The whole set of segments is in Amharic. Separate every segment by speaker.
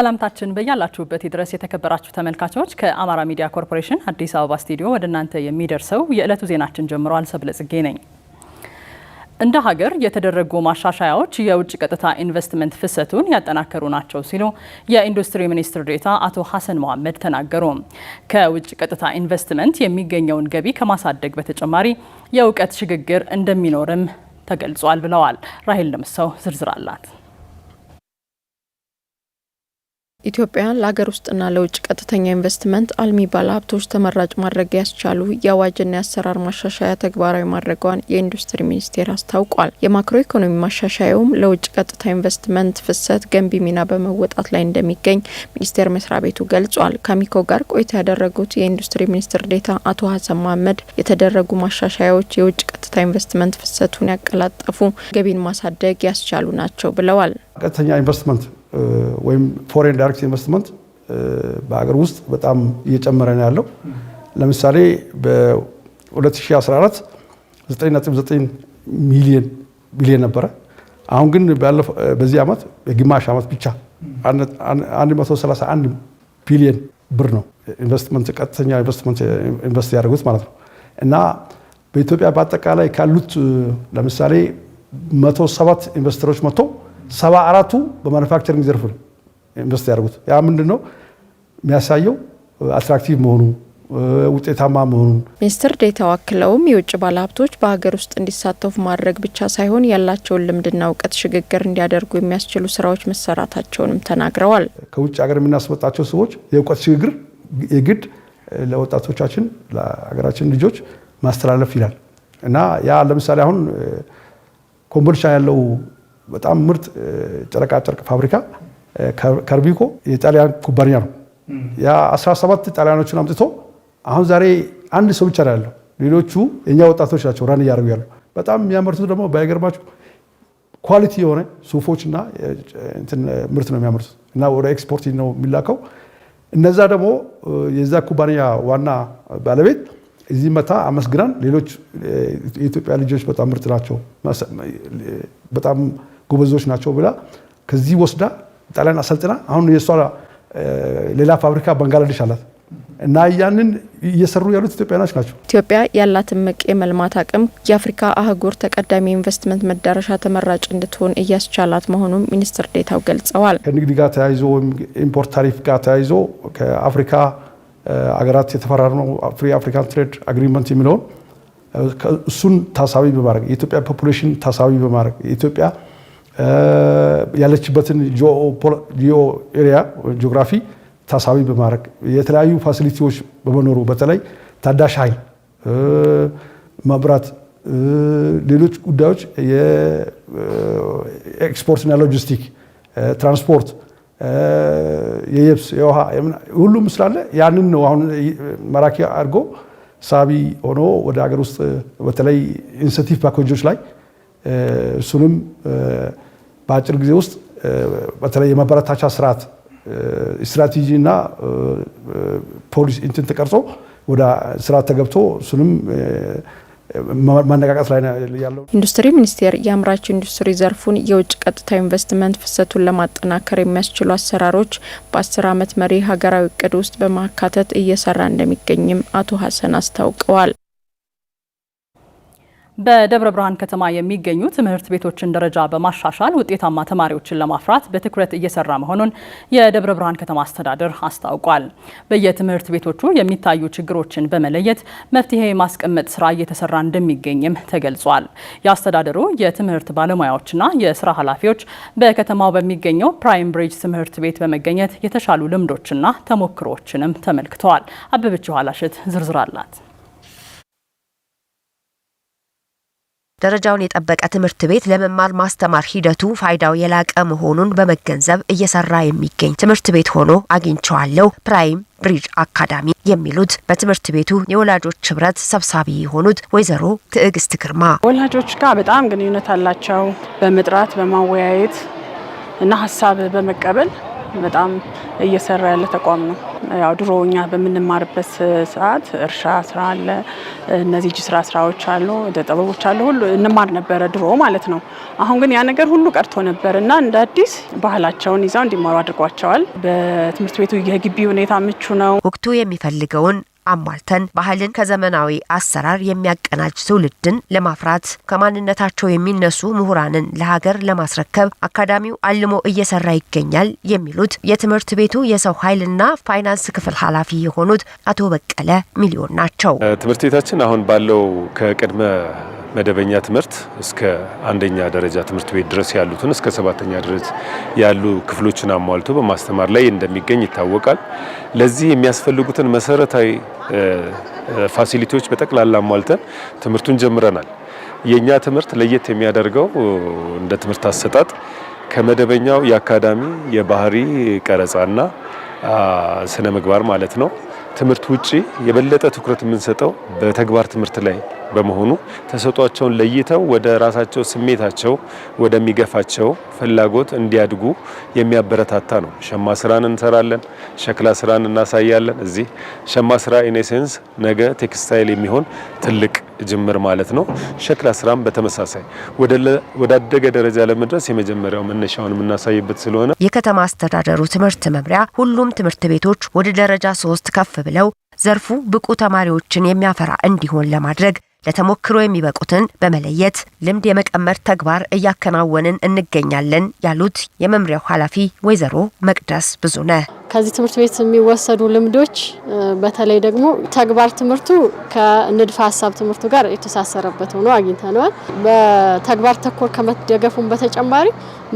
Speaker 1: ሰላምታችን በያላችሁበት ድረስ የተከበራችሁ ተመልካቾች፣ ከአማራ ሚዲያ ኮርፖሬሽን አዲስ አበባ ስቱዲዮ ወደ እናንተ የሚደርሰው የዕለቱ ዜናችን ጀምሯል። ጽጌ ነኝ። እንደ ሀገር የተደረጉ ማሻሻያዎች የውጭ ቀጥታ ኢንቨስትመንት ፍሰቱን ያጠናከሩ ናቸው ሲሉ የኢንዱስትሪ ሚኒስትር ዴታ አቶ ሀሰን መሐመድ ተናገሩ። ከውጭ ቀጥታ ኢንቨስትመንት የሚገኘውን ገቢ ከማሳደግ በተጨማሪ የእውቀት ሽግግር እንደሚኖርም ተገልጿል ብለዋል። ራሄል ለምሰው ዝርዝር አላት።
Speaker 2: ኢትዮጵያ ለአገር ውስጥና ለውጭ ቀጥተኛ ኢንቨስትመንት አልሚ ባለ ሀብቶች ተመራጭ ማድረግ ያስቻሉ የአዋጅና የአሰራር ማሻሻያ ተግባራዊ ማድረጓን የኢንዱስትሪ ሚኒስቴር አስታውቋል። የማክሮ ኢኮኖሚ ማሻሻያውም ለውጭ ቀጥታ ኢንቨስትመንት ፍሰት ገንቢ ሚና በመወጣት ላይ እንደሚገኝ ሚኒስቴር መስሪያ ቤቱ ገልጿል። ከሚኮ ጋር ቆይታ ያደረጉት የኢንዱስትሪ ሚኒስትር ዴታ አቶ ሀሰን መሀመድ የተደረጉ ማሻሻያዎች የውጭ ቀጥታ ኢንቨስትመንት ፍሰቱን ያቀላጠፉ፣ ገቢን ማሳደግ ያስቻሉ ናቸው ብለዋል።
Speaker 3: ቀጥተኛ ኢንቨስትመንት ወይም ፎሬን ዳይሬክት ኢንቨስትመንት በሀገር ውስጥ በጣም እየጨመረ ነው ያለው። ለምሳሌ በ2014 9.9 ሚሊዮን ቢሊዮን ነበረ። አሁን ግን በዚህ ዓመት የግማሽ ዓመት ብቻ 131 ቢሊዮን ብር ነው ኢንቨስትመንት ቀጥተኛ ኢንቨስትመንት ኢንቨስት ያደርጉት ማለት ነው። እና በኢትዮጵያ በአጠቃላይ ካሉት ለምሳሌ 107 ኢንቨስተሮች መጥተው ሰባ አራቱ በማኑፋክቸሪንግ ዘርፍ ነው ኢንቨስት ያደርጉት። ያ ምንድን ነው የሚያሳየው አትራክቲቭ መሆኑ ውጤታማ መሆኑን
Speaker 2: ሚኒስትር ዴታ አክለውም የውጭ ባለሀብቶች በሀገር ውስጥ እንዲሳተፉ ማድረግ ብቻ ሳይሆን ያላቸውን ልምድና እውቀት ሽግግር እንዲያደርጉ የሚያስችሉ ስራዎች መሰራታቸውንም ተናግረዋል።
Speaker 3: ከውጭ ሀገር የምናስወጣቸው ሰዎች የእውቀት ሽግግር የግድ ለወጣቶቻችን ለሀገራችን ልጆች ማስተላለፍ ይላል እና ያ ለምሳሌ አሁን ኮምቦልቻ ያለው በጣም ምርጥ ጨረቃ ጨርቅ ፋብሪካ ከርቢኮ የጣሊያን ኩባንያ ነው። ያ 17 ጣሊያኖችን አምጥቶ አሁን ዛሬ አንድ ሰው ብቻ ነው ያለው። ሌሎቹ የእኛ ወጣቶች ናቸው ራን እያደረጉ ያሉ። በጣም የሚያመርቱት ደግሞ ባይገርማችሁ ኳሊቲ የሆነ ሱፎች እና ምርት ነው የሚያመርቱት እና ወደ ኤክስፖርት ነው የሚላከው። እነዛ ደግሞ የዛ ኩባንያ ዋና ባለቤት እዚህ መታ አመስግናን ሌሎች የኢትዮጵያ ልጆች በጣም ምርጥ ናቸው በጣም ጎበዞች ናቸው ብላ ከዚህ ወስዳ ጣሊያን አሰልጥና አሁን የእሷ ሌላ ፋብሪካ ባንጋላዴሽ አላት እና ያንን እየሰሩ ያሉት ኢትዮጵያኖች ናቸው።
Speaker 2: ኢትዮጵያ ያላት እምቅ የመልማት አቅም የአፍሪካ አህጉር ተቀዳሚ ኢንቨስትመንት መዳረሻ ተመራጭ እንድትሆን እያስቻላት መሆኑን ሚኒስትር ዴታው ገልጸዋል።
Speaker 3: ከንግድ ጋር ተያይዞ ወይም ኢምፖርት ታሪፍ ጋር ተያይዞ ከአፍሪካ አገራት የተፈራረመው ፍሪ አፍሪካን ትሬድ አግሪመንት የሚለውን እሱን ታሳቢ በማድረግ የኢትዮጵያ ፖፑሌሽን ታሳቢ በማድረግ የኢትዮጵያ ያለችበትን ጂኦ ኤሪያ ጂኦግራፊ ታሳቢ በማድረግ የተለያዩ ፋሲሊቲዎች በመኖሩ በተለይ ታዳሽ ኃይል፣ መብራት፣ ሌሎች ጉዳዮች የኤክስፖርትና ሎጂስቲክ፣ ትራንስፖርት፣ የየብስ፣ የውሃ ሁሉም ስላለ ያንን ነው አሁን መራኪ አድርጎ ሳቢ ሆኖ ወደ ሀገር ውስጥ በተለይ ኢንሴንቲቭ ፓኬጆች ላይ እሱንም በአጭር ጊዜ ውስጥ በተለይ የመበረታቻ ስርዓት ስትራቴጂና ፖሊሲ እንትን ተቀርጾ ወደ ስርዓት ተገብቶ እሱንም ማነቃቀስ ላይ ያለው
Speaker 2: ኢንዱስትሪ ሚኒስቴር የአምራች ኢንዱስትሪ ዘርፉን የውጭ ቀጥታ ኢንቨስትመንት ፍሰቱን ለማጠናከር የሚያስችሉ አሰራሮች በአስር ዓመት መሪ ሀገራዊ እቅድ ውስጥ በማካተት እየሰራ እንደሚገኝም አቶ ሀሰን አስታውቀዋል።
Speaker 1: በደብረ ብርሃን ከተማ የሚገኙ ትምህርት ቤቶችን ደረጃ በማሻሻል ውጤታማ ተማሪዎችን ለማፍራት በትኩረት እየሰራ መሆኑን የደብረ ብርሃን ከተማ አስተዳደር አስታውቋል። በየትምህርት ቤቶቹ የሚታዩ ችግሮችን በመለየት መፍትሄ የማስቀመጥ ስራ እየተሰራ እንደሚገኝም ተገልጿል። የአስተዳደሩ የትምህርት ባለሙያዎችና የስራ ኃላፊዎች በከተማው በሚገኘው ፕራይም ብሪጅ ትምህርት ቤት በመገኘት የተሻሉ ልምዶችና ተሞክሮዎችንም ተመልክተዋል። አበበች ኋላሽት ዝርዝር አላት። ደረጃውን የጠበቀ ትምህርት ቤት ለመማር ማስተማር ሂደቱ ፋይዳው የላቀ መሆኑን በመገንዘብ እየሰራ የሚገኝ ትምህርት ቤት ሆኖ አግኝቸዋለሁ። ፕራይም ብሪጅ አካዳሚ የሚሉት በትምህርት ቤቱ የወላጆች ህብረት ሰብሳቢ የሆኑት ወይዘሮ ትዕግስት ግርማ
Speaker 4: ወላጆች ጋር በጣም ግንኙነት አላቸው። በመጥራት በማወያየት እና ሀሳብ በመቀበል በጣም እየሰራ ያለ ተቋም ነው። ያው ድሮ እኛ በምንማርበት ሰዓት እርሻ ስራ አለ፣ እነዚህ እጅ ስራ ስራዎች አሉ፣ እደ ጥበቦች አሉ፣ ሁሉ እንማር ነበረ ድሮ ማለት ነው። አሁን ግን ያ ነገር ሁሉ ቀርቶ ነበር እና እንደ አዲስ ባህላቸውን ይዘው እንዲማሩ አድርጓቸዋል። በትምህርት ቤቱ የግቢ ሁኔታ ምቹ ነው።
Speaker 1: ወቅቱ የሚፈልገውን አሟልተን ባህልን ከዘመናዊ አሰራር የሚያቀናጅ ትውልድን ለማፍራት ከማንነታቸው የሚነሱ ምሁራንን ለሀገር ለማስረከብ አካዳሚው አልሞ እየሰራ ይገኛል የሚሉት የትምህርት ቤቱ የሰው ኃይልና ፋይናንስ ክፍል ኃላፊ የሆኑት አቶ በቀለ ሚሊዮን ናቸው።
Speaker 5: ትምህርት ቤታችን አሁን ባለው ከቅድመ መደበኛ ትምህርት እስከ አንደኛ ደረጃ ትምህርት ቤት ድረስ ያሉትን እስከ ሰባተኛ ድረስ ያሉ ክፍሎችን አሟልቶ በማስተማር ላይ እንደሚገኝ ይታወቃል። ለዚህ የሚያስፈልጉትን መሰረታዊ ፋሲሊቲዎች በጠቅላላ አሟልተን ትምህርቱን ጀምረናል። የእኛ ትምህርት ለየት የሚያደርገው እንደ ትምህርት አሰጣጥ ከመደበኛው የአካዳሚ የባህሪ ቀረጻና ስነ ምግባር ማለት ነው ትምህርት ውጪ የበለጠ ትኩረት የምንሰጠው በተግባር ትምህርት ላይ በመሆኑ ተሰጧቸውን ለይተው ወደ ራሳቸው ስሜታቸው ወደሚገፋቸው ፍላጎት እንዲያድጉ የሚያበረታታ ነው። ሸማ ስራን እንሰራለን፣ ሸክላ ስራን እናሳያለን። እዚህ ሸማ ስራ ኢኔሴንስ ነገ ቴክስታይል የሚሆን ትልቅ ጅምር ማለት ነው። ሸክላ ስራም በተመሳሳይ ወዳደገ ደረጃ ለመድረስ የመጀመሪያው መነሻውን የምናሳይበት ስለሆነ
Speaker 1: የከተማ አስተዳደሩ ትምህርት መምሪያ ሁሉም ትምህርት ቤቶች ወደ ደረጃ ሶስት ከፍ ብለው ዘርፉ ብቁ ተማሪዎችን የሚያፈራ እንዲሆን ለማድረግ ለተሞክሮ የሚበቁትን በመለየት ልምድ የመቀመር ተግባር እያከናወንን እንገኛለን ያሉት የመምሪያው ኃላፊ ወይዘሮ መቅደስ ብዙ ነ።
Speaker 6: ከዚህ ትምህርት ቤት የሚወሰዱ ልምዶች በተለይ ደግሞ ተግባር ትምህርቱ ከንድፈ ሀሳብ ትምህርቱ ጋር የተሳሰረበት ሆኖ አግኝተነዋል። በተግባር ተኮር ከመደገፉን በተጨማሪ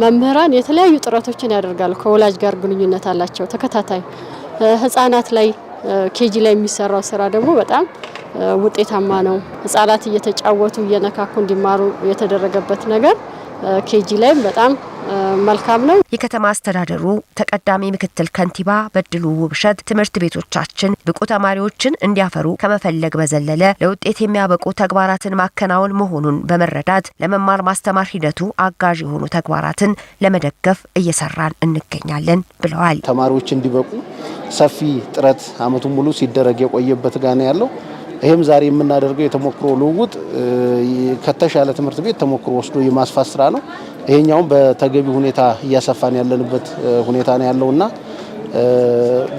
Speaker 6: መምህራን የተለያዩ ጥረቶችን ያደርጋሉ። ከወላጅ ጋር ግንኙነት አላቸው። ተከታታይ ህጻናት ላይ ኬጂ ላይ የሚሰራው ስራ ደግሞ በጣም ውጤታማ ነው። ህጻናት እየተጫወቱ እየነካኩ እንዲማሩ የተደረገበት ነገር ኬጂ ላይም በጣም መልካም ነው።
Speaker 1: የከተማ አስተዳደሩ ተቀዳሚ ምክትል ከንቲባ በድሉ ውብሸት ትምህርት ቤቶቻችን ብቁ ተማሪዎችን እንዲያፈሩ ከመፈለግ በዘለለ ለውጤት የሚያበቁ ተግባራትን ማከናወን መሆኑን በመረዳት ለመማር ማስተማር ሂደቱ አጋዥ የሆኑ ተግባራትን ለመደገፍ እየሰራን እንገኛለን ብለዋል።
Speaker 7: ተማሪዎች እንዲበቁ ሰፊ ጥረት አመቱን ሙሉ ሲደረግ የቆየበት ጋና ያለው ይህም ዛሬ የምናደርገው የተሞክሮ ልውውጥ ከተሻለ ትምህርት ቤት ተሞክሮ ወስዶ የማስፋት ስራ ነው። ይሄኛውም በተገቢ ሁኔታ እያሰፋን ያለንበት ሁኔታ ነው ያለውና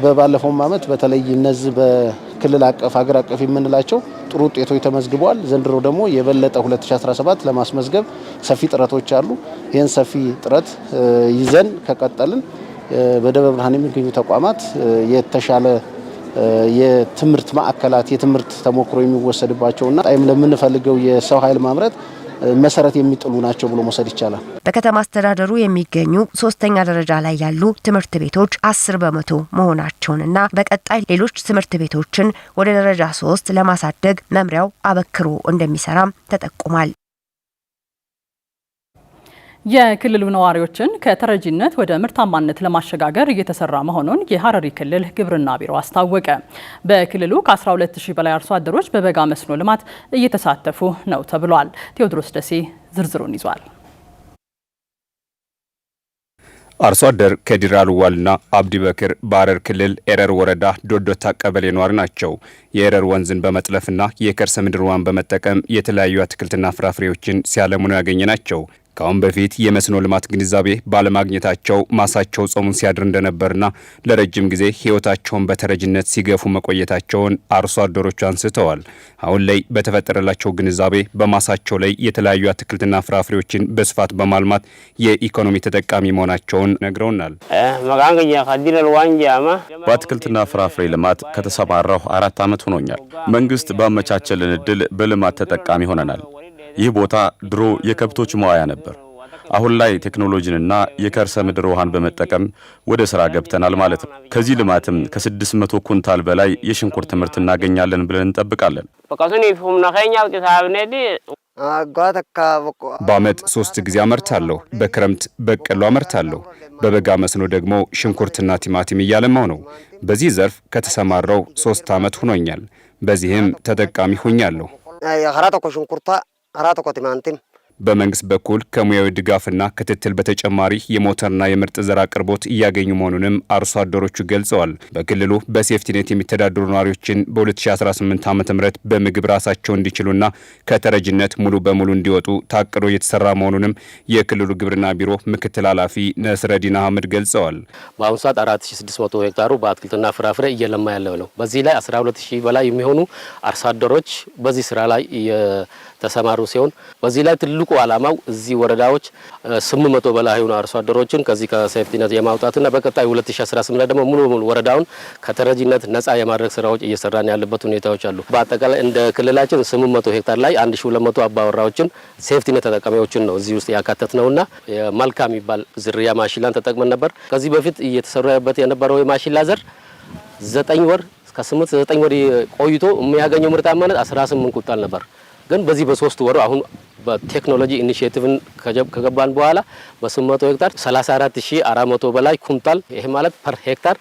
Speaker 7: በባለፈውም አመት በተለይ እነዚህ በክልል አቀፍ ሀገር አቀፍ የምንላቸው ጥሩ ውጤቶች ተመዝግበዋል። ዘንድሮ ደግሞ የበለጠ 2017 ለማስመዝገብ ሰፊ ጥረቶች አሉ። ይህን ሰፊ ጥረት ይዘን ከቀጠልን በደብረ ብርሃን የሚገኙ ተቋማት የተሻለ የትምህርት ማዕከላት የትምህርት ተሞክሮ እና ጣይም ለምንፈልገው የሰው ኃይል ማምረት መሰረት የሚጥሉ ናቸው ብሎ መውሰድ ይቻላል።
Speaker 1: በከተማ አስተዳደሩ የሚገኙ ሶስተኛ ደረጃ ላይ ያሉ ትምህርት ቤቶች አስር በመቶ መሆናቸውንና በቀጣይ ሌሎች ትምህርት ቤቶችን ወደ ደረጃ ሶስት ለማሳደግ መምሪያው አበክሮ እንደሚሰራም ተጠቁሟል። የክልሉ ነዋሪዎችን ከተረጂነት ወደ ምርታማነት ለማሸጋገር እየተሰራ መሆኑን የሀረሪ ክልል ግብርና ቢሮ አስታወቀ። በክልሉ ከ12000 በላይ አርሶ አደሮች በበጋ መስኖ ልማት እየተሳተፉ ነው ተብሏል። ቴዎድሮስ ደሴ ዝርዝሩን ይዟል።
Speaker 8: አርሶ አደር ከዲር አልዋልና አብዲ በክር በሀረር ክልል ኤረር ወረዳ ዶዶታ ቀበሌ ነዋሪ ናቸው። የኤረር ወንዝን በመጥለፍና የከርሰ ምድር ውሃን በመጠቀም የተለያዩ አትክልትና ፍራፍሬዎችን ሲያለሙ ነው ያገኘ ናቸው። ከአሁን በፊት የመስኖ ልማት ግንዛቤ ባለማግኘታቸው ማሳቸው ጾሙን ሲያድር እንደነበርና ለረጅም ጊዜ ሕይወታቸውን በተረጅነት ሲገፉ መቆየታቸውን አርሶ አደሮቹ አንስተዋል። አሁን ላይ በተፈጠረላቸው ግንዛቤ በማሳቸው ላይ የተለያዩ አትክልትና ፍራፍሬዎችን በስፋት በማልማት የኢኮኖሚ ተጠቃሚ መሆናቸውን ነግረውናል። በአትክልትና ፍራፍሬ ልማት ከተሰማራሁ አራት ዓመት ሆኖኛል። መንግስት ባመቻቸልን እድል በልማት ተጠቃሚ ሆነናል። ይህ ቦታ ድሮ የከብቶች መዋያ ነበር። አሁን ላይ ቴክኖሎጂንና የከርሰ ምድር ውሃን በመጠቀም ወደ ሥራ ገብተናል ማለት ነው። ከዚህ ልማትም ከ600 ኩንታል በላይ የሽንኩርት ምርት እናገኛለን ብለን እንጠብቃለን። በዓመት ሶስት ጊዜ አመርታለሁ። በክረምት በቀሎ አመርታለሁ። በበጋ መስኖ ደግሞ ሽንኩርትና ቲማቲም እያለማው ነው። በዚህ ዘርፍ ከተሰማራው ሶስት ዓመት ሆኖኛል። በዚህም ተጠቃሚ ሆኛለሁ። አራት ቆ በመንግስት በኩል ከሙያዊ ድጋፍና ክትትል በተጨማሪ የሞተርና የምርጥ ዘር አቅርቦት እያገኙ መሆኑንም አርሶ አደሮቹ ገልጸዋል። በክልሉ በሴፍቲኔት የሚተዳደሩ ነዋሪዎችን በ2018 ዓ ም በምግብ ራሳቸው እንዲችሉና ከተረጅነት ሙሉ በሙሉ እንዲወጡ ታቅዶ እየተሰራ መሆኑንም የክልሉ ግብርና ቢሮ ምክትል ኃላፊ ነስረዲን አህመድ ገልጸዋል።
Speaker 9: በአሁኑ ሰዓት 4600 ሄክታሩ በአትክልትና ፍራፍሬ እየለማ ያለው ነው። በዚህ ላይ 12000 በላይ የሚሆኑ አርሶ አደሮች በዚህ ስራ ላይ የተሰማሩ ሲሆን በዚህ ላይ ትልቁ ዓላማው እዚህ ወረዳዎች ስምንት መቶ በላይ የሆኑ አርሶ አደሮችን ከዚህ ከሴፍቲነት የማውጣትና በቀጣይ 2018 ላይ ደግሞ ሙሉ በሙሉ ወረዳውን ከተረጂነት ነጻ የማድረግ ስራዎች እየሰራን ያለበት ሁኔታዎች አሉ። በአጠቃላይ እንደ ክልላችን 800 ሄክታር ላይ 1200 አባወራዎችን ሴፍቲነት ተጠቃሚዎችን ነው እዚህ ውስጥ ያካተት ነውና መልካ የሚባል ዝርያ ማሽላን ተጠቅመን ነበር። ከዚህ በፊት እየተሰራበት የነበረው የማሽላ ዘር ዘጠኝ ወር ከስምንት ዘጠኝ ወር ቆይቶ የሚያገኘው ምርታማነት 18 ቁጣል ነበር። ግን በዚህ በሶስት ወሩ አሁን በቴክኖሎጂ ኢኒሽቲቭን ከገባን በኋላ በ800 ሄክታር 34400 በላይ ኩንታል ይሄ ማለት ፐር ሄክታር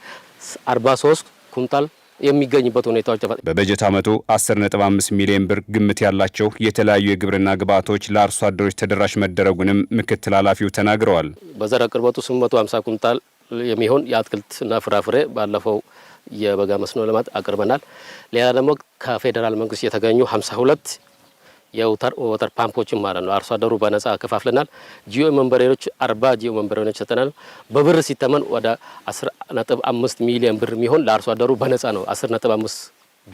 Speaker 9: 43 ኩንታል የሚገኝበት ሁኔታዎች ተፈ
Speaker 8: በበጀት ዓመቱ 10.5 ሚሊዮን ብር ግምት ያላቸው የተለያዩ የግብርና ግብዓቶች ለአርሶ አደሮች ተደራሽ መደረጉንም ምክትል ኃላፊው ተናግረዋል።
Speaker 9: በዘር አቅርቦቱ 850 ኩንታል የሚሆን የአትክልትና ፍራፍሬ ባለፈው የበጋ መስኖ ልማት አቅርበናል። ሌላ ደግሞ ከፌዴራል መንግስት የተገኙ 52 ወተር ፓምፖችን ማለት ነው አርሶ አደሩ በነጻ ከፋፍለናል። ጂኦ መንበሬዎች አርባ ጂኦ መንበሬዎች ሰጠናል። በብር ሲተመን ወደ 10.5 ሚሊዮን ብር የሚሆን ለአርሶ አደሩ በነጻ ነው 15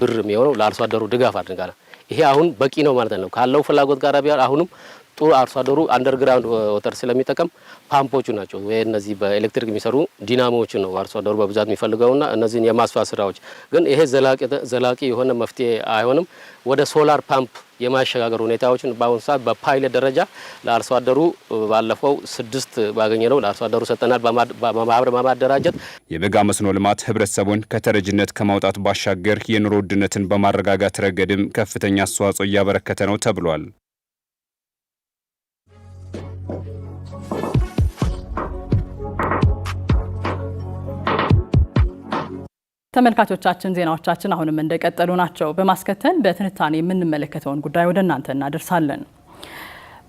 Speaker 9: ብር የሚሆነው ለአርሶ አደሩ ድጋፍ አድርጋለ ይሄ አሁን በቂ ነው ማለት ነው ካለው ፍላጎት ጋር ቢያር አሁንም ጥሩ አርሶ አደሩ አንደርግራውንድ ወተር ስለሚጠቀም ፓምፖቹ ናቸው ወይ እነዚህ በኤሌክትሪክ የሚሰሩ ዲናሞዎች ነው አርሶ አደሩ በብዛት የሚፈልገውና እነዚህን የማስፋት ስራዎች ግን ይሄ ዘላቂ የሆነ መፍትሄ አይሆንም። ወደ ሶላር ፓምፕ የማሸጋገር ሁኔታዎችን በአሁኑ ሰዓት በፓይለት ደረጃ ለአርሶ አደሩ ባለፈው ስድስት ባገኘ ነው ለአርሶ አደሩ ሰጠናል። በማህበር በማደራጀት
Speaker 8: የበጋ መስኖ ልማት ህብረተሰቡን ከተረጅነት ከማውጣት ባሻገር የኑሮ ውድነትን በማረጋጋት ረገድም ከፍተኛ አስተዋጽኦ እያበረከተ ነው ተብሏል።
Speaker 1: ተመልካቾቻችን ዜናዎቻችን አሁንም እንደቀጠሉ ናቸው። በማስከተል በትንታኔ የምንመለከተውን ጉዳይ ወደ እናንተ እናደርሳለን።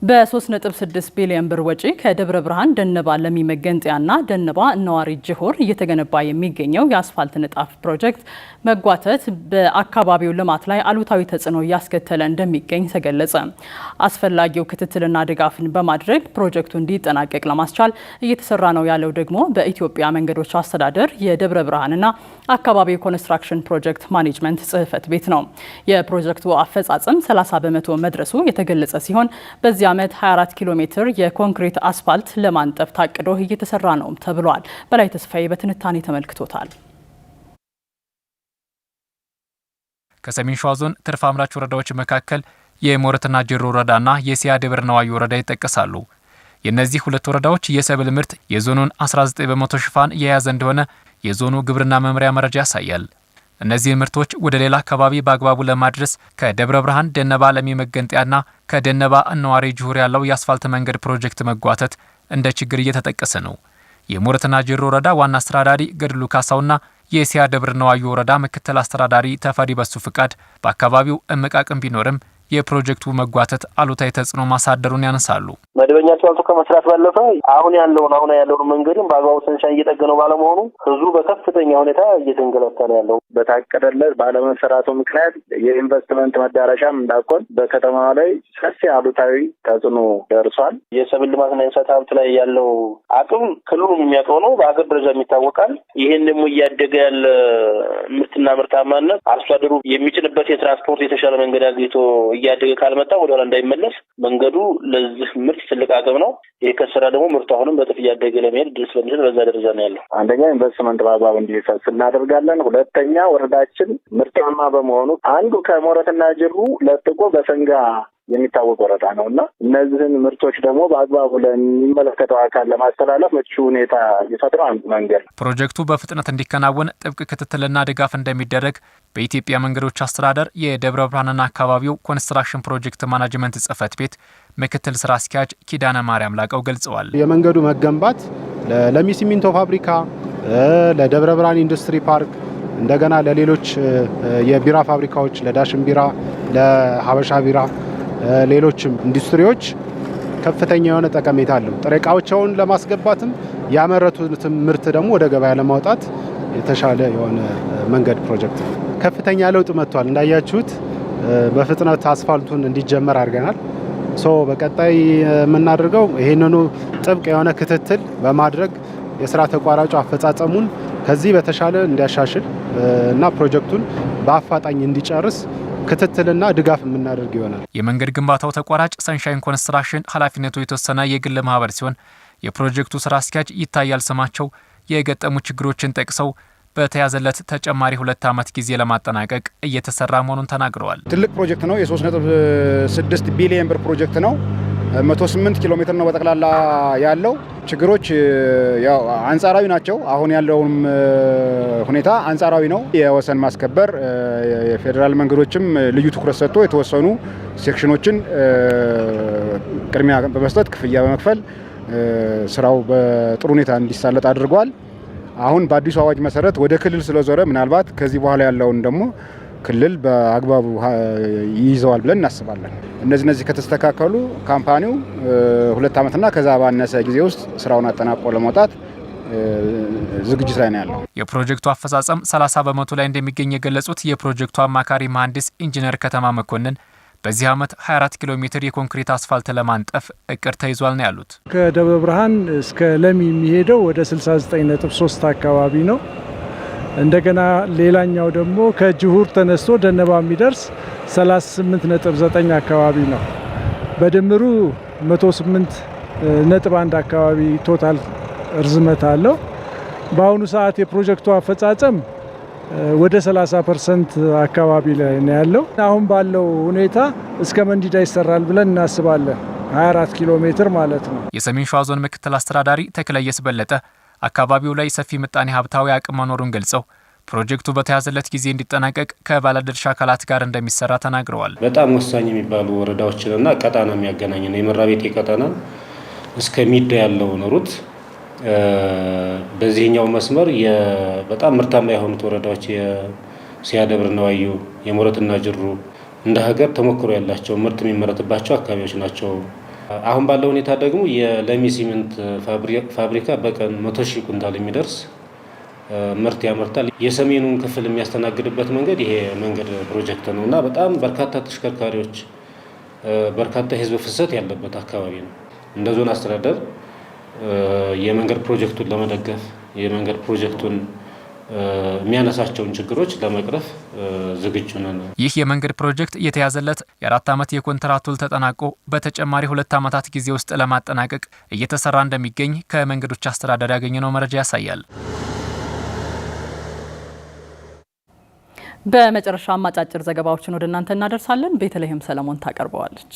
Speaker 1: በ3.6 ቢሊዮን ብር ወጪ ከደብረ ብርሃን ደነባ ለሚ መገንጠያና ደነባ ነዋሪ ጅሁር እየተገነባ የሚገኘው የአስፋልት ንጣፍ ፕሮጀክት መጓተት በአካባቢው ልማት ላይ አሉታዊ ተጽዕኖ እያስከተለ እንደሚገኝ ተገለጸ። አስፈላጊው ክትትልና ድጋፍን በማድረግ ፕሮጀክቱ እንዲጠናቀቅ ለማስቻል እየተሰራ ነው ያለው ደግሞ በኢትዮጵያ መንገዶች አስተዳደር የደብረ ብርሃንና አካባቢው ኮንስትራክሽን ፕሮጀክት ማኔጅመንት ጽህፈት ቤት ነው። የፕሮጀክቱ አፈጻጸም 30 በመቶ መድረሱ የተገለጸ ሲሆን በዚያ ዓመት 24 ኪሎ ሜትር የኮንክሪት አስፋልት ለማንጠፍ ታቅዶ እየተሰራ ነውም ተብሏል። በላይ ተስፋዬ በትንታኔ ተመልክቶታል። ከሰሜን ሸዋ ዞን ትርፍ አምራች ወረዳዎች መካከል የሞረትና ጅሩ ወረዳና የሲያ ደብረ ነዋይ ወረዳ ይጠቀሳሉ። የእነዚህ ሁለት ወረዳዎች የሰብል ምርት የዞኑን 19 በመቶ ሽፋን የያዘ እንደሆነ የዞኑ ግብርና መምሪያ መረጃ ያሳያል። እነዚህን ምርቶች ወደ ሌላ አካባቢ በአግባቡ ለማድረስ ከደብረ ብርሃን ደነባ ለሚ መገንጠያና ከደነባ እነዋሪ ጅሁር ያለው የአስፋልት መንገድ ፕሮጀክት መጓተት እንደ ችግር እየተጠቀሰ ነው። የሞረትና ጅሩ ወረዳ ዋና አስተዳዳሪ ገድሉ ካሳውና የሲያ ደብረ ነዋዩ ወረዳ ምክትል አስተዳዳሪ ተፈሪ በሱ ፍቃድ በአካባቢው እምቃቅም ቢኖርም የፕሮጀክቱ መጓተት አሉታዊ ተጽዕኖ ማሳደሩን ያነሳሉ።
Speaker 10: መደበኛ አስፋልቱ ከመስራት ባለፈ አሁን ያለውን አሁን ያለውን መንገድም በአግባቡ ሰንሻን እየጠገነው ባለመሆኑ ህዝቡ በከፍተኛ ሁኔታ እየተንገላታ ነው ያለው። በታቀደለት ባለመሰራቱ ምክንያት የኢንቨስትመንት መዳረሻም እንዳኮን በከተማ ላይ ሰፊ አሉታዊ ተጽዕኖ ደርሷል። የሰብል ልማትና የእንስሳት ሀብት ላይ ያለው አቅም ክልሉም የሚያውቀው ነው፣ በሀገር ደረጃ ይታወቃል። ይህን ደግሞ እያደገ ያለ ምርትና ምርታማነት አርሶ አደሩ የሚጭንበት የትራንስፖርት የተሻለ መንገድ አግኝቶ እያደገ ካልመጣ ወደኋላ እንዳይመለስ መንገዱ ለዚህ ምርት ትልቅ አቅም ነው። ይህ ከስራ ደግሞ ምርቱ አሁንም በጥፍ እያደገ ለመሄድ ድርስ በሚችል በዛ ደረጃ ነው ያለው። አንደኛ ኢንቨስትመንት በአግባብ እንዲሰስ እናደርጋለን። ሁለተኛ ወረዳችን ምርታማ በመሆኑ አንዱ ከሞረትና ጅሩ ለጥቆ በሰንጋ የሚታወቅ ወረዳ ነው እና እነዚህን ምርቶች ደግሞ በአግባቡ ለሚመለከተው አካል ለማስተላለፍ ምቹ ሁኔታ የፈጥረው አንዱ መንገድ ነው።
Speaker 1: ፕሮጀክቱ በፍጥነት እንዲከናወን ጥብቅ ክትትልና ድጋፍ እንደሚደረግ በኢትዮጵያ መንገዶች አስተዳደር የደብረ ብርሃንና አካባቢው ኮንስትራክሽን ፕሮጀክት ማናጅመንት ጽህፈት ቤት ምክትል ስራ አስኪያጅ ኪዳነ ማርያም ላቀው ገልጸዋል።
Speaker 3: የመንገዱ መገንባት ለለሚ ሲሚንቶ ፋብሪካ፣ ለደብረ ብርሃን ኢንዱስትሪ ፓርክ እንደገና ለሌሎች የቢራ ፋብሪካዎች ለዳሽን ቢራ፣ ለሀበሻ ቢራ ሌሎችም ኢንዱስትሪዎች ከፍተኛ የሆነ ጠቀሜታ አለው። ጥሬ እቃዎቻቸውን ለማስገባትም ያመረቱትን ምርት ደግሞ ወደ ገበያ ለማውጣት የተሻለ የሆነ መንገድ ፕሮጀክት ነው። ከፍተኛ ለውጥ መጥቷል። እንዳያችሁት በፍጥነት አስፋልቱን እንዲጀመር አድርገናል። ሶ በቀጣይ የምናደርገው ይህንኑ ጥብቅ የሆነ ክትትል በማድረግ የስራ ተቋራጩ አፈጻጸሙን ከዚህ በተሻለ እንዲያሻሽል እና ፕሮጀክቱን በአፋጣኝ እንዲጨርስ ክትትልና ድጋፍ የምናደርግ ይሆናል።
Speaker 1: የመንገድ ግንባታው ተቋራጭ ሰንሻይን ኮንስትራክሽን ኃላፊነቱ የተወሰነ የግል ማህበር ሲሆን የፕሮጀክቱ ስራ አስኪያጅ ይታያል ስማቸው የገጠሙ ችግሮችን ጠቅሰው በተያዘለት ተጨማሪ ሁለት ዓመት ጊዜ ለማጠናቀቅ እየተሰራ መሆኑን ተናግረዋል።
Speaker 3: ትልቅ ፕሮጀክት ነው። የ3.6 ቢሊየን ብር ፕሮጀክት ነው። 108 ኪሎ ሜትር ነው በጠቅላላ ያለው ችግሮች ያው አንጻራዊ ናቸው። አሁን ያለውም ሁኔታ አንጻራዊ ነው። የወሰን ማስከበር የፌዴራል መንገዶችም ልዩ ትኩረት ሰጥቶ የተወሰኑ ሴክሽኖችን ቅድሚያ በመስጠት ክፍያ በመክፈል ስራው በጥሩ ሁኔታ እንዲሳለጥ አድርጓል። አሁን በአዲሱ አዋጅ መሰረት ወደ ክልል ስለዞረ ምናልባት ከዚህ በኋላ ያለውን ደግሞ ክልል በአግባቡ ይይዘዋል ብለን እናስባለን። እነዚህ እነዚህ ከተስተካከሉ ካምፓኒው ሁለት ዓመትና ከዛ ባነሰ ጊዜ ውስጥ ስራውን አጠናቆ ለመውጣት ዝግጅት ላይ ነው ያለው።
Speaker 1: የፕሮጀክቱ አፈጻጸም 30 በመቶ ላይ እንደሚገኝ የገለጹት የፕሮጀክቱ አማካሪ መሐንዲስ ኢንጂነር ከተማ መኮንን በዚህ ዓመት 24 ኪሎ ሜትር የኮንክሪት አስፋልት ለማንጠፍ እቅድ ተይዟል ነው ያሉት።
Speaker 3: ከደብረ ብርሃን እስከ ለሚ የሚሄደው ወደ 69.3 አካባቢ ነው እንደገና ሌላኛው ደግሞ ከጅሁር ተነስቶ ደነባ የሚደርስ 38.9 አካባቢ ነው። በድምሩ 108.1 አካባቢ ቶታል እርዝመት አለው። በአሁኑ ሰዓት የፕሮጀክቱ አፈጻጸም ወደ 30 ፐርሰንት አካባቢ ላይ ነው ያለው። አሁን ባለው ሁኔታ እስከ መንዲዳ ይሰራል ብለን እናስባለን። 24 ኪሎ ሜትር ማለት ነው።
Speaker 1: የሰሜን ሸዋ ዞን ምክትል አስተዳዳሪ ተክለየስ በለጠ አካባቢው ላይ ሰፊ ምጣኔ ሀብታዊ አቅም መኖሩን ገልጸው ፕሮጀክቱ በተያዘለት ጊዜ እንዲጠናቀቅ ከባለድርሻ አካላት ጋር እንደሚሰራ ተናግረዋል።
Speaker 7: በጣም ወሳኝ የሚባሉ ወረዳዎችንና ቀጣና የሚያገናኝ ነው። የመራቤቴ ቀጠና እስከ ሚዳ ያለውን ሩት በዚህኛው መስመር በጣም ምርታማ የሆኑት ወረዳዎች ሲያደብር ነዋዩ፣ የሞረትና ጅሩ እንደ ሀገር ተሞክሮ ያላቸው ምርት የሚመረትባቸው አካባቢዎች ናቸው። አሁን ባለው ሁኔታ ደግሞ የለሚ ሲሚንት ፋብሪካ በቀን መቶ ሺህ ኩንታል የሚደርስ ምርት ያመርታል። የሰሜኑን ክፍል የሚያስተናግድበት መንገድ ይሄ መንገድ ፕሮጀክት ነው እና በጣም በርካታ ተሽከርካሪዎች፣ በርካታ የህዝብ ፍሰት ያለበት አካባቢ ነው። እንደ ዞን አስተዳደር የመንገድ ፕሮጀክቱን ለመደገፍ የመንገድ ፕሮጀክቱን የሚያነሳቸውን ችግሮች ለመቅረፍ ዝግጁ ነን።
Speaker 1: ይህ የመንገድ ፕሮጀክት የተያዘለት የአራት ዓመት የኮንትራት ውል ተጠናቆ በተጨማሪ ሁለት ዓመታት ጊዜ ውስጥ ለማጠናቀቅ እየተሰራ እንደሚገኝ ከመንገዶች አስተዳደር ያገኘነው መረጃ ያሳያል። በመጨረሻ አጫጭር ዘገባዎችን ወደ እናንተ እናደርሳለን። ቤተልሔም ሰለሞን ታቀርበዋለች።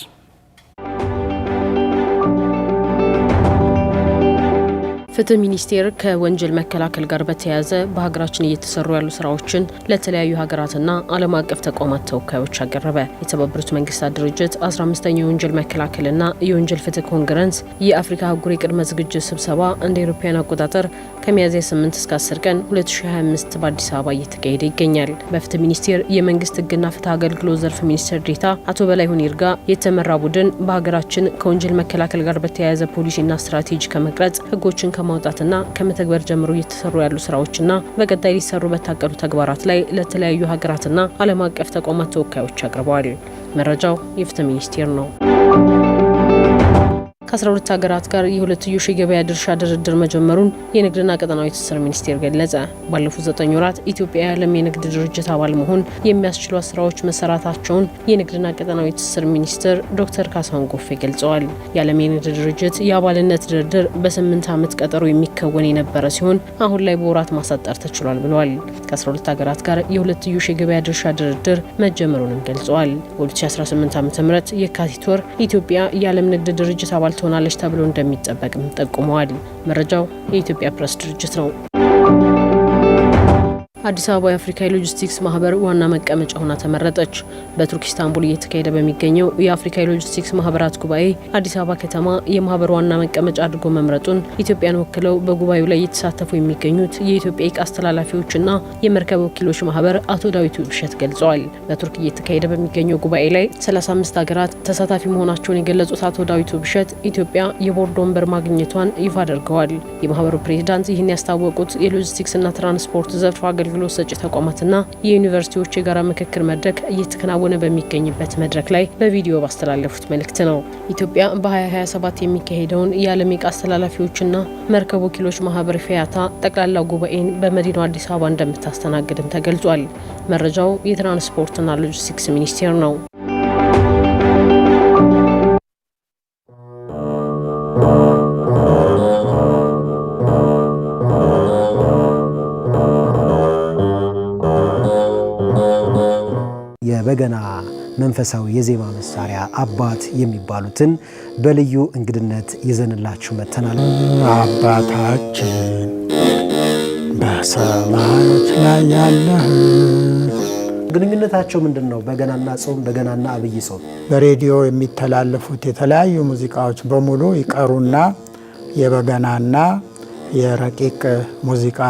Speaker 1: ፍትህ ሚኒስቴር ከወንጀል መከላከል ጋር በተያያዘ በሀገራችን እየተሰሩ ያሉ ስራዎችን ለተለያዩ ሀገራትና ዓለም አቀፍ ተቋማት ተወካዮች አቀረበ። የተባበሩት መንግስታት ድርጅት 15ኛው የወንጀል መከላከልና የወንጀል ፍትህ ኮንግረንስ የአፍሪካ አህጉር የቅድመ ዝግጅት ስብሰባ እንደ አውሮፓውያን አቆጣጠር ከሚያዝያ 8 እስከ 10 ቀን 2025 በአዲስ አበባ እየተካሄደ ይገኛል። በፍትህ ሚኒስቴር የመንግስት ህግና ፍትህ አገልግሎት ዘርፍ ሚኒስትር ዴኤታ አቶ በላይሁን ይርጋ የተመራ ቡድን በሀገራችን ከወንጀል መከላከል ጋር በተያያዘ ፖሊሲና ስትራቴጂ ከመቅረጽ ህጎችን ከማውጣትና ከመተግበር ጀምሮ እየተሰሩ ያሉ ስራዎችና በቀጣይ ሊሰሩ በታቀዱ ተግባራት ላይ ለተለያዩ ሀገራትና ዓለም አቀፍ ተቋማት ተወካዮች አቅርበዋል። መረጃው የፍትህ ሚኒስቴር ነው። ከ12 ሀገራት ጋር የሁለትዮሽ የገበያ ድርሻ ድርድር መጀመሩን የንግድና ቀጠናዊ ትስስር ሚኒስቴር ገለጸ። ባለፉት ዘጠኝ ወራት ኢትዮጵያ የዓለም የንግድ ድርጅት አባል መሆን የሚያስችሏት ስራዎች መሰራታቸውን የንግድና ቀጠናዊ ትስስር ሚኒስትር ዶክተር ካሳሁን ጎፌ ገልጸዋል። የዓለም የንግድ ድርጅት የአባልነት ድርድር በስምንት ዓመት ቀጠሮ የሚከወን የነበረ ሲሆን አሁን ላይ በወራት ማሳጠር ተችሏል ብለዋል። ከ12 ሀገራት ጋር የሁለትዮሽ የገበያ ድርሻ ድርድር መጀመሩንም ገልጸዋል። በ2018 ዓ ም የካቲት ወር ኢትዮጵያ የዓለም ንግድ ድርጅት አባል ትሆናለች ተብሎ እንደሚጠበቅም ጠቁመዋል። መረጃው የኢትዮጵያ ፕሬስ ድርጅት ነው። አዲስ አበባ የአፍሪካ የሎጂስቲክስ ማህበር ዋና መቀመጫ ሆና ተመረጠች። በቱርክ ኢስታንቡል እየተካሄደ በሚገኘው የአፍሪካ የሎጂስቲክስ ማህበራት ጉባኤ አዲስ አበባ ከተማ የማህበር ዋና መቀመጫ አድርጎ መምረጡን ኢትዮጵያን ወክለው በጉባኤው ላይ እየተሳተፉ የሚገኙት የኢትዮጵያ ዕቃ አስተላላፊዎችና የመርከብ ወኪሎች ማህበር አቶ ዳዊት ውብሸት ገልጸዋል። በቱርክ እየተካሄደ በሚገኘው ጉባኤ ላይ 35 ሀገራት ተሳታፊ መሆናቸውን የገለጹት አቶ ዳዊት ውብሸት ኢትዮጵያ የቦርድ ወንበር ማግኘቷን ይፋ አድርገዋል። የማህበሩ ፕሬዚዳንት ይህን ያስታወቁት የሎጂስቲክስና ትራንስፖርት ዘርፍ አገልግሎት አገልግሎት ሰጪ ተቋማትና የዩኒቨርሲቲዎች የጋራ ምክክር መድረክ እየተከናወነ በሚገኝበት መድረክ ላይ በቪዲዮ ባስተላለፉት መልእክት ነው። ኢትዮጵያ በ2027 የሚካሄደውን የዓለም ዕቃ አስተላላፊዎችና መርከብ ወኪሎች ማህበር ፊያታ ጠቅላላ ጉባኤን በመዲናው አዲስ አበባ እንደምታስተናግድም ተገልጿል። መረጃው የትራንስፖርትና ሎጂስቲክስ ሚኒስቴር ነው።
Speaker 11: መንፈሳዊ የዜማ መሳሪያ አባት የሚባሉትን በልዩ እንግድነት ይዘንላችሁ መተናል።
Speaker 12: አባታችን በሰማዮች ላይ ያለህ
Speaker 11: ግንኙነታቸው ምንድን ነው? በገናና ጾም፣ በገናና አብይ ጾም።
Speaker 13: በሬዲዮ የሚተላለፉት የተለያዩ ሙዚቃዎች በሙሉ ይቀሩና የበገናና የረቂቅ ሙዚቃ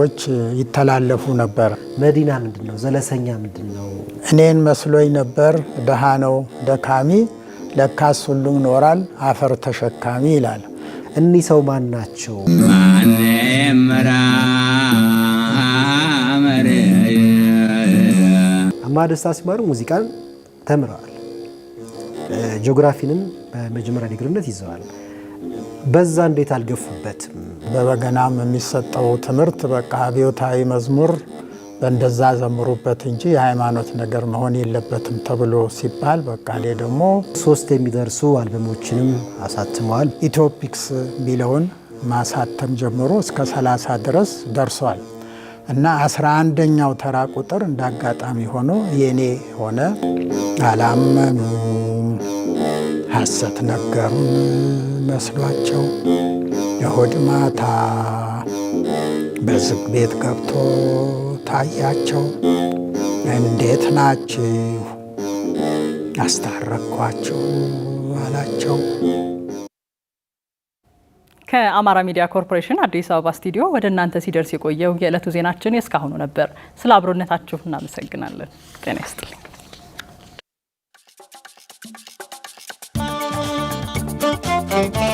Speaker 13: ዎች ይተላለፉ ነበር።
Speaker 11: መዲና ምንድን ነው? ዘለሰኛ ምንድን ነው?
Speaker 13: እኔን መስሎኝ ነበር። ደሃ ነው ደካሚ፣ ለካስ ሁሉም ኖራል አፈር ተሸካሚ ይላል።
Speaker 11: እኒህ ሰው ማን ናቸው? አማደስታ ሲማሩ ሙዚቃን ተምረዋል። ጂኦግራፊንም በመጀመሪያ ዲግሪነት ይዘዋል። በዛ እንዴት አልገፉበትም?
Speaker 13: በበገናም የሚሰጠው ትምህርት በቃ አብዮታዊ መዝሙር በእንደዛ ዘምሩበት እንጂ የሃይማኖት ነገር መሆን የለበትም ተብሎ ሲባል በቃ ሌ ደግሞ
Speaker 11: ሶስት የሚደርሱ አልበሞችንም አሳትመዋል።
Speaker 13: ኢትዮፒክስ የሚለውን ማሳተም ጀምሮ እስከ 30 ድረስ ደርሷል እና 11ኛው ተራ ቁጥር እንዳጋጣሚ ሆኖ የእኔ ሆነ።
Speaker 12: አላመኑ ሐሰት ነገሩ መስሏቸው የሆድ ማታ በዝግ ቤት ገብቶ ታያቸው። እንዴት ናችሁ አስታረቅኳችሁ አላቸው።
Speaker 1: ከአማራ ሚዲያ ኮርፖሬሽን አዲስ አበባ ስቱዲዮ ወደ እናንተ ሲደርስ የቆየው የዕለቱ ዜናችን የእስካሁኑ ነበር። ስለ አብሮነታችሁ እናመሰግናለን። ጤና ይስጥልኝ። Thank you.